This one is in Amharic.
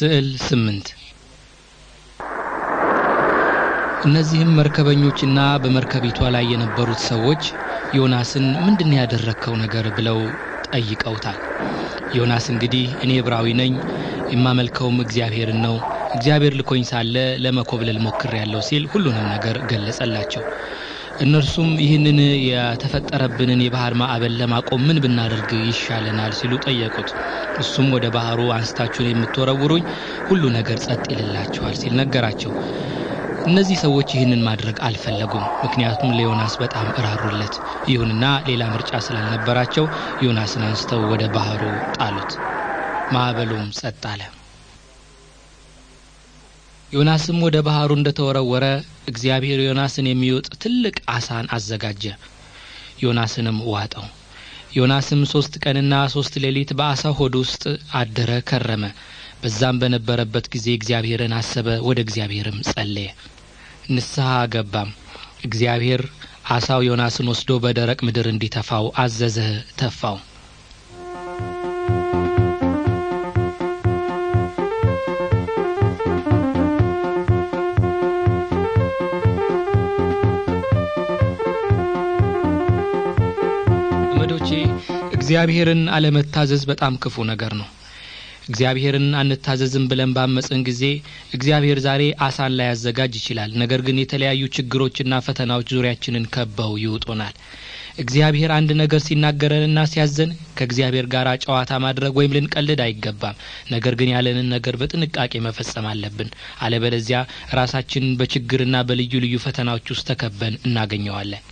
ስዕል ስምንት እነዚህም መርከበኞችና በመርከቢቷ ላይ የነበሩት ሰዎች ዮናስን ምንድን ያደረግከው ነገር ብለው ጠይቀውታል። ዮናስ እንግዲህ እኔ ዕብራዊ ነኝ፣ የማመልከውም እግዚአብሔርን ነው፣ እግዚአብሔር ልኮኝ ሳለ ለመኮብለል ሞክር ያለው ሲል ሁሉንም ነገር ገለጸላቸው። እነርሱም ይህንን የተፈጠረብንን የባህር ማዕበል ለማቆም ምን ብናደርግ ይሻለናል ሲሉ ጠየቁት። እሱም ወደ ባህሩ አንስታችሁን የምትወረውሩኝ ሁሉ ነገር ጸጥ ይልላችኋል ሲል ነገራቸው። እነዚህ ሰዎች ይህንን ማድረግ አልፈለጉም። ምክንያቱም ለዮናስ በጣም እራሩለት። ይሁንና ሌላ ምርጫ ስላልነበራቸው ዮናስን አንስተው ወደ ባህሩ ጣሉት። ማዕበሉም ጸጥ አለ። ዮናስም ወደ ባህሩ እንደ ተወረወረ እግዚአብሔር ዮናስን የሚውጥ ትልቅ አሳን አዘጋጀ፣ ዮናስንም ዋጠው። ዮናስም ሶስት ቀንና ሶስት ሌሊት በአሳ ሆድ ውስጥ አደረ ከረመ። በዛም በነበረበት ጊዜ እግዚአብሔርን አሰበ፣ ወደ እግዚአብሔርም ጸለየ፣ ንስሐ ገባም። እግዚአብሔር አሳው ዮናስን ወስዶ በደረቅ ምድር እንዲተፋው አዘዘ፣ ተፋው። እግዚአብሔርን አለመታዘዝ በጣም ክፉ ነገር ነው። እግዚአብሔርን አንታዘዝም ብለን ባመፅን ጊዜ እግዚአብሔር ዛሬ አሳን ላያዘጋጅ ይችላል። ነገር ግን የተለያዩ ችግሮችና ፈተናዎች ዙሪያችንን ከበው ይውጡናል። እግዚአብሔር አንድ ነገር ሲናገረንና ሲያዘን ከእግዚአብሔር ጋር ጨዋታ ማድረግ ወይም ልንቀልድ አይገባም። ነገር ግን ያለንን ነገር በጥንቃቄ መፈጸም አለብን። አለበለዚያ ራሳችንን በችግርና በልዩ ልዩ ፈተናዎች ውስጥ ተከበን እናገኘዋለን።